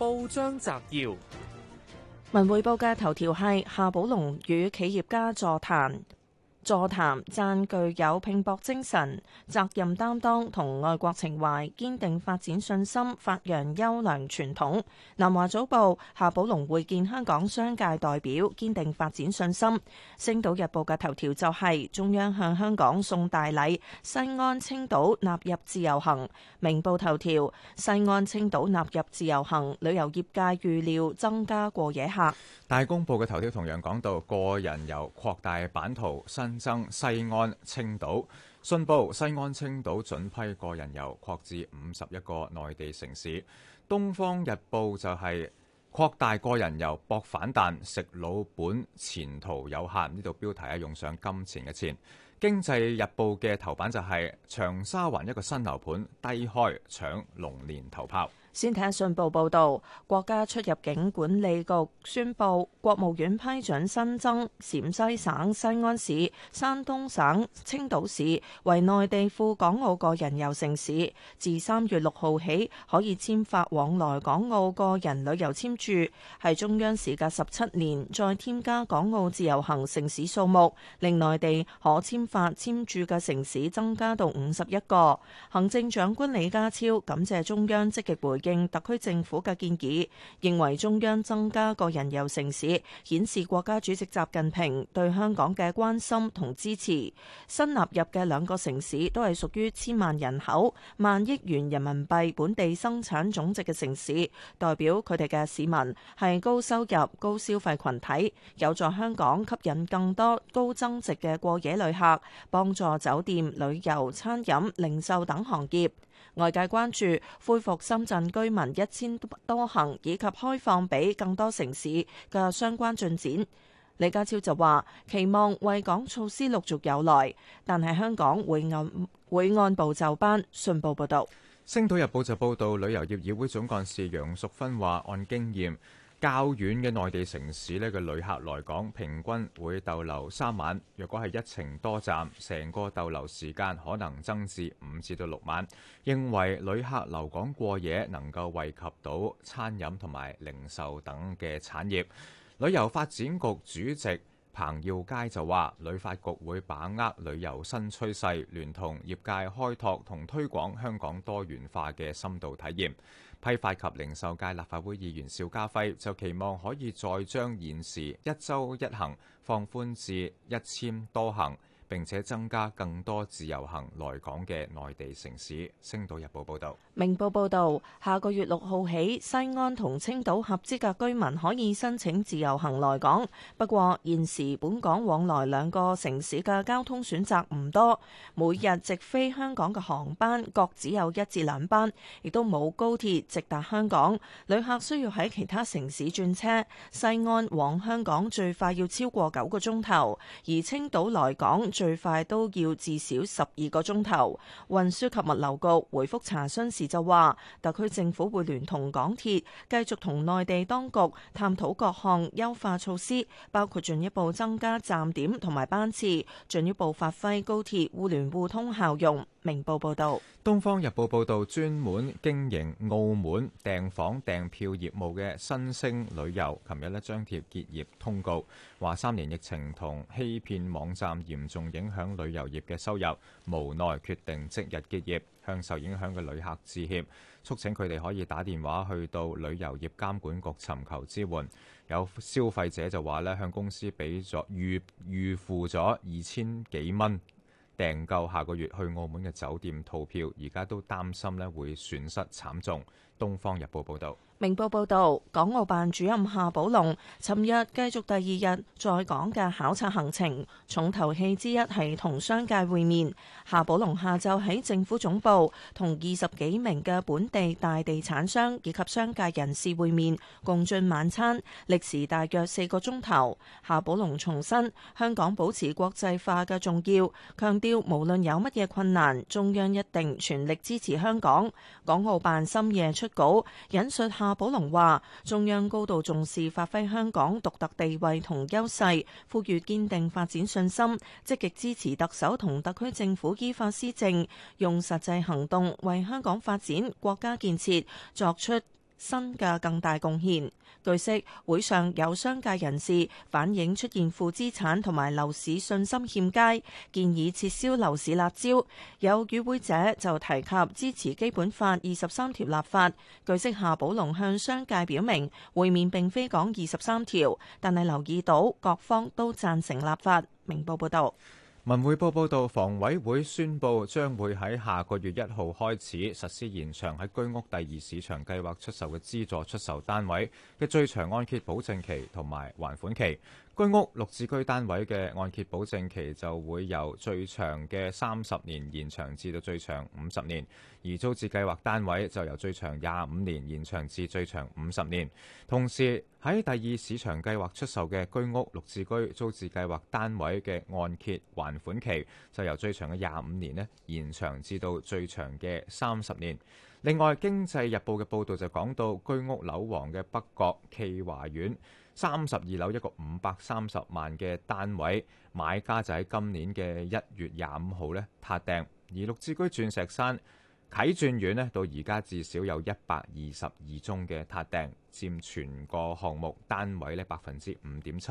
報章摘要：文匯報嘅頭條係夏寶龍與企業家座談。座談讚具有拼搏精神、責任擔當同愛國情懷，堅定發展信心，發揚優良傳統。南華早報夏寶龍會見香港商界代表，堅定發展信心。星島日報嘅頭條就係、是、中央向香港送大禮，西安、青島納入自由行。明報頭條：西安、青島納入自由行，旅遊業界預料增加過夜客。大公報嘅頭條同樣講到個人遊擴大版圖，新生西安青島，信報西安青島准批個人遊擴至五十一個內地城市。東方日報就係擴大個人遊博反彈，食老本前途有限。呢度標題啊用上金錢嘅錢。經濟日報嘅頭版就係長沙灣一個新樓盤低開搶龍年頭炮。先睇下信報報導，國家出入境管理局宣布，國務院批准新增陝西省西安市、山東省青島市為內地赴港澳個人遊城市，自三月六號起可以簽發往來港澳個人旅遊簽注。係中央時隔十七年再添加港澳自由行城市數目，令內地可簽發簽注嘅城市增加到五十一個。行政長官李家超感謝中央積極回應特區政府嘅建議，認為中央增加個人遊城市，顯示國家主席習近平對香港嘅關心同支持。新納入嘅兩個城市都係屬於千萬人口、萬億元人民幣本地生產總值嘅城市，代表佢哋嘅市民係高收入、高消費群體，有助香港吸引更多高增值嘅過夜旅客，幫助酒店、旅遊、餐飲、零售等行業。外界關注恢復深圳居民一千多行以及開放俾更多城市嘅相關進展，李家超就話期望惠港措施陸續有來，但係香港會按會，按部就班。信報報道。《星島日報》就報導旅遊業議會總幹事楊淑芬話，按經驗，較遠嘅內地城市呢嘅旅客來港，平均會逗留三晚。若果係一程多站，成個逗留時間可能增至五至到六晚。認為旅客留港過夜能夠惠及到餐飲同埋零售等嘅產業。旅遊發展局主席彭耀佳就話：旅發局會把握旅遊新趨勢，聯同業界開拓同推廣香港多元化嘅深度體驗。批發及零售界立法會議員邵家輝就期望可以再將現時一周一行放寬至一簽多行。並且增加更多自由行來港嘅內地城市。星島日報報道，明報報道，下個月六號起，西安同青島合資格居民可以申請自由行來港。不過現時本港往來兩個城市嘅交通選擇唔多，每日直飛香港嘅航班各只有一至兩班，亦都冇高鐵直達香港。旅客需要喺其他城市轉車，西安往香港最快要超過九個鐘頭，而青島來港。最快都要至少十二個鐘頭。運輸及物流局回覆查詢時就話，特區政府會聯同港鐵繼續同內地當局探討各項優化措施，包括進一步增加站點同埋班次，進一步發揮高鐵互聯互通效用。明報報道，東方日報報道，專門經營澳門訂房訂票業務嘅新星旅遊，琴日咧張貼結業通告，話三年疫情同欺騙網站嚴重影響旅遊業嘅收入，無奈決定即日結業，向受影響嘅旅客致歉，促請佢哋可以打電話去到旅遊業監管局尋求支援。有消費者就話咧，向公司俾咗預預付咗二千幾蚊，訂購下個月去澳門嘅酒店套票，而家都擔心咧會損失慘重。《東方日報》報道。明報報導，港澳辦主任夏寶龍尋日繼續第二日在港嘅考察行程，重頭戲之一係同商界會面。夏寶龍下晝喺政府總部同二十幾名嘅本地大地產商以及商界人士會面，共進晚餐，歷時大約四個鐘頭。夏寶龍重申香港保持國際化嘅重要，強調無論有乜嘢困難，中央一定全力支持香港。港澳辦深夜出稿，引述夏。夏寶龍話：中央高度重視發揮香港獨特地位同優勢，呼籲堅定發展信心，積極支持特首同特區政府依法施政，用實際行動為香港發展、國家建設作出。新嘅更大貢獻。據悉，會上有商界人士反映出現負資產同埋樓市信心欠佳，建議撤銷樓市辣招。有與會者就提及支持基本法二十三條立法。據悉，夏寶龍向商界表明，會面並非講二十三條，但係留意到各方都贊成立法。明報報道。文匯報報道，房委會宣布將會喺下個月一號開始實施延長喺居屋第二市場計劃出售嘅資助出售單位嘅最長按揭保證期同埋還款期。居屋、綠置居單位嘅按揭保證期就會由最長嘅三十年延長至到最長五十年，而租置計劃單位就由最長廿五年延長至最長五十年。同時喺第二市場計劃出售嘅居屋、綠置居、租置計劃單位嘅按揭還款期就由最長嘅廿五年咧延長至到最長嘅三十年。另外，《經濟日報》嘅報導就講到居屋樓王嘅北角驥華苑。三十二樓一個五百三十萬嘅單位，買家就喺今年嘅一月廿五號咧，撻訂。而綠置居鑽石山啟鑽苑呢，到而家至少有一百二十二宗嘅撻訂，佔全個項目單位咧百分之五點七。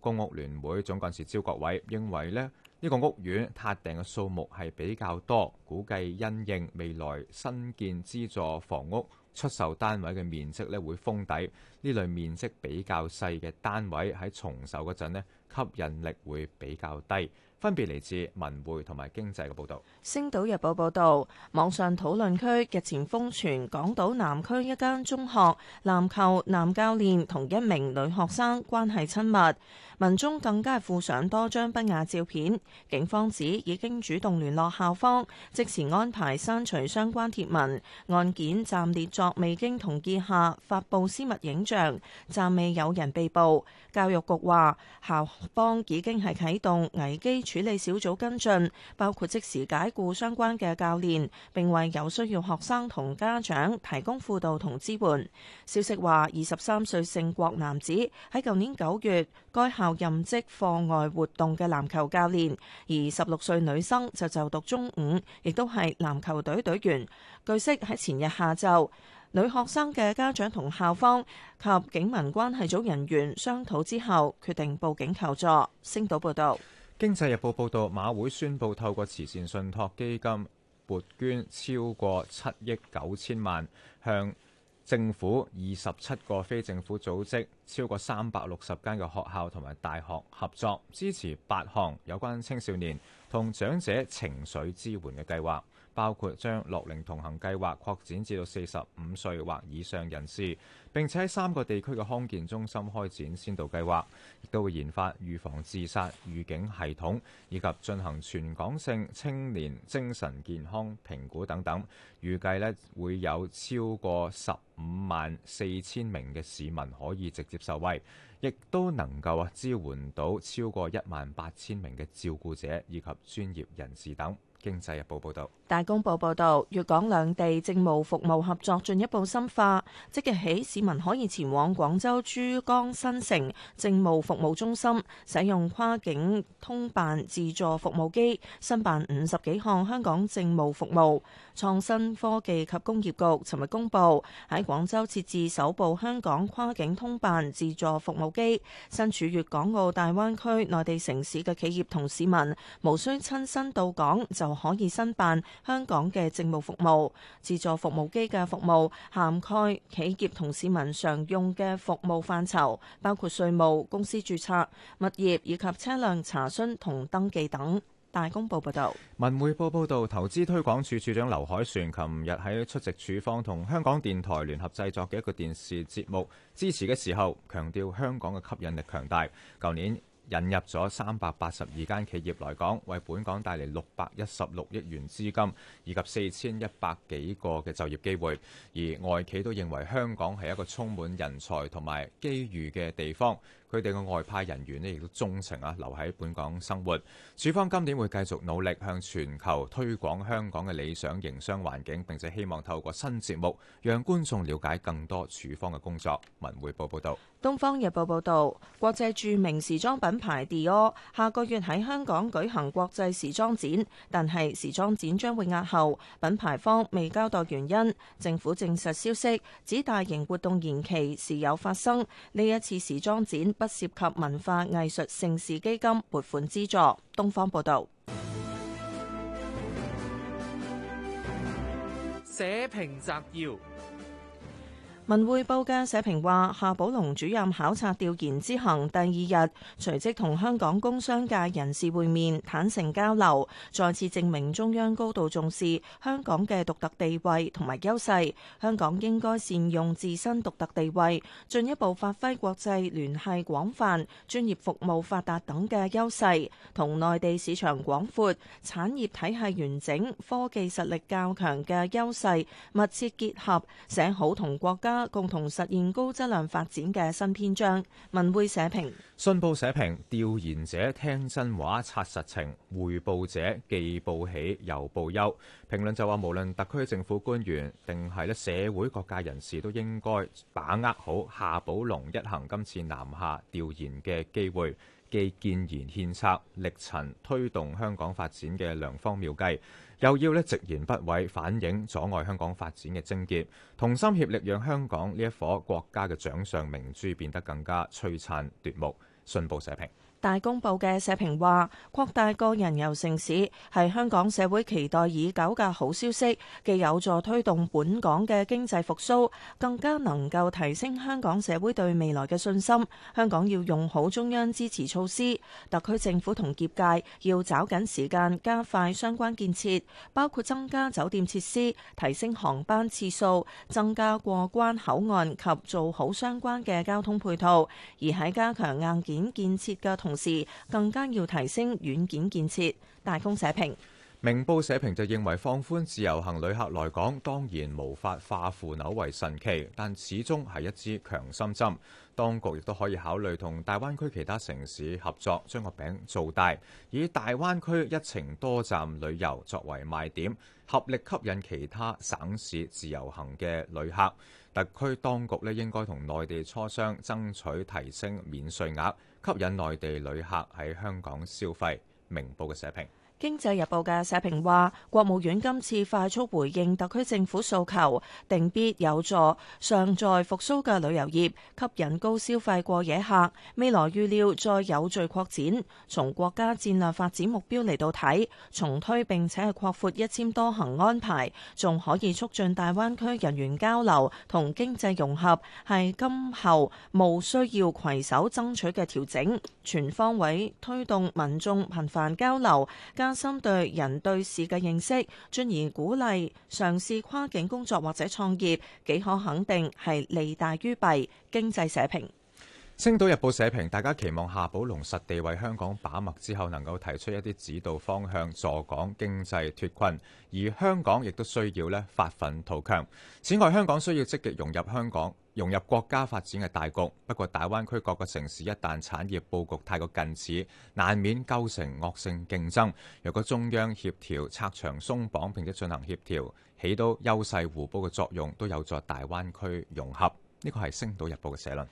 公屋聯會總幹事招國偉認為咧，呢、呢個屋苑撻訂嘅數目係比較多，估計因應未來新建資助房屋。出售單位嘅面積咧會封底，呢類面積比較細嘅單位喺重售嗰陣，吸引力會比較低。分別嚟自文匯同埋經濟嘅報導。星島日報報導，網上討論區日前瘋傳港島南區一間中學籃球男教練同一名女學生關係親密。文中更加附上多張不雅照片，警方指已經主動聯絡校方，即時安排刪除相關貼文。案件暫列作未經同意下發布私密影像，暫未有人被捕。教育局話校方已經係啟動危機處理小組跟進，包括即時解僱相關嘅教練，並為有需要學生同家長提供輔導同支援。消息話二十三歲姓郭男子喺舊年九月，該校。校任職課外活動嘅籃球教練，而十六歲女生就就讀中五，亦都係籃球隊隊員。據悉喺前日下晝，女學生嘅家長同校方及警民關係組人員商討之後，決定報警求助。星島報道。經濟日報報道，馬會宣布透過慈善信託基金撥捐超過七億九千萬向。政府二十七個非政府組織，超過三百六十間嘅學校同埋大學合作，支持八項有關青少年同長者情緒支援嘅計劃，包括將樂齡同行計劃擴展至到四十五歲或以上人士。並且喺三個地區嘅康健中心開展先導計劃，亦都會研發預防自殺預警系統，以及進行全港性青年精神健康評估等等。預計呢會有超過十五萬四千名嘅市民可以直接受惠，亦都能夠啊支援到超過一萬八千名嘅照顧者以及專業人士等。經濟日報報道。大公報報導，粵港兩地政務服務合作進一步深化。即日起，市民可以前往廣州珠江新城政務服務中心使用跨境通辦自助服務機，申辦五十幾項香港政務服務。創新科技及工業局尋日公佈，喺廣州設置首部香港跨境通辦自助服務機，身處粵港澳大灣區內地城市嘅企業同市民，無需親身到港就可以申辦。香港嘅政務服務自助服務機嘅服務涵蓋企業同市民常用嘅服務範疇，包括稅務、公司註冊、物業以及車輛查詢同登記等。大公報報道，文匯報報道，投資推廣署署長劉海旋琴日喺出席處方同香港電台聯合製作嘅一個電視節目支持嘅時候，強調香港嘅吸引力強大。舊年引入咗三百八十二間企業來港，為本港帶嚟六百一十六億元資金，以及四千一百幾個嘅就業機會。而外企都認為香港係一個充滿人才同埋機遇嘅地方。佢哋嘅外派人員咧，亦都鍾情啊，留喺本港生活。署方今年會繼續努力向全球推廣香港嘅理想營商環境，並且希望透過新節目讓觀眾了解更多署方嘅工作。文匯報報導，《東方日報》報導，國際著名時裝品牌 Dior 下個月喺香港舉行國際時裝展，但係時裝展將會押後，品牌方未交代原因。政府證實消息，指大型活動延期時有發生，呢一次時裝展，不涉及文化藝術盛事基金撥款資助。東方報道。社評摘要。文匯報嘅社評話，夏寶龍主任考察調研之行第二日，隨即同香港工商界人士會面，坦誠交流，再次證明中央高度重視香港嘅獨特地位同埋優勢。香港應該善用自身獨特地位，進一步發揮國際聯繫廣泛、專業服務發達等嘅優勢，同內地市場廣闊、產業體系完整、科技實力較強嘅優勢密切結合，寫好同國家，共同實現高質量發展嘅新篇章。文匯社評、信報社評、調研者聽真話、察實情，匯報者既報喜又報憂。評論就話，無論特區政府官員定係咧社會各界人士，都應該把握好夏寶龍一行今次南下調研嘅機會。既建言獻策、力陳推動香港發展嘅良方妙計，又要咧直言不諱、反映阻礙香港發展嘅症結，同心協力讓香港呢一顆國家嘅掌上明珠變得更加璀璨奪目。信報社評。大公報嘅社評話，擴大個人遊城市係香港社會期待已久嘅好消息，既有助推動本港嘅經濟復甦，更加能夠提升香港社會對未來嘅信心。香港要用好中央支持措施，特區政府同業界要抓緊時間加快相關建設，包括增加酒店設施、提升航班次數、增加過關口岸及做好相關嘅交通配套，而喺加強硬件建設嘅同。是更加要提升軟件建設。大公社評，明報社評就認為放寬自由行旅客來港當然無法化腐朽為神奇，但始終係一支強心針。當局亦都可以考慮同大灣區其他城市合作，將個餅做大，以大灣區一程多站旅遊作為賣點，合力吸引其他省市自由行嘅旅客。特區當局呢應該同內地磋商，爭取提升免稅額。吸引內地旅客喺香港消費，明報嘅社評。《經濟日報》嘅社評話：國務院今次快速回應特區政府訴求，定必有助尚在復甦嘅旅遊業吸引高消費過夜客。未來預料再有序擴展。從國家戰略發展目標嚟到睇，重推並且係擴闊一千多行安排，仲可以促進大灣區人員交流同經濟融合，係今後無需要攜手爭取嘅調整，全方位推動民眾頻繁交流。加深對人對事嘅認識，進而鼓勵嘗試跨境工作或者創業，幾可肯定係利大於弊。經濟社評，《星島日報》社評，大家期望夏寶龍實地為香港把脈之後，能夠提出一啲指導方向，助港經濟脫困。而香港亦都需要咧發奮圖強。此外，香港需要積極融入香港。融入國家發展嘅大局，不過大灣區各個城市一旦產業佈局太過近似，難免構成惡性競爭。若果中央協調、拆牆鬆綁，並且進行協調，起到優勢互補嘅作用，都有助大灣區融合。呢個係《星島日報》嘅社論。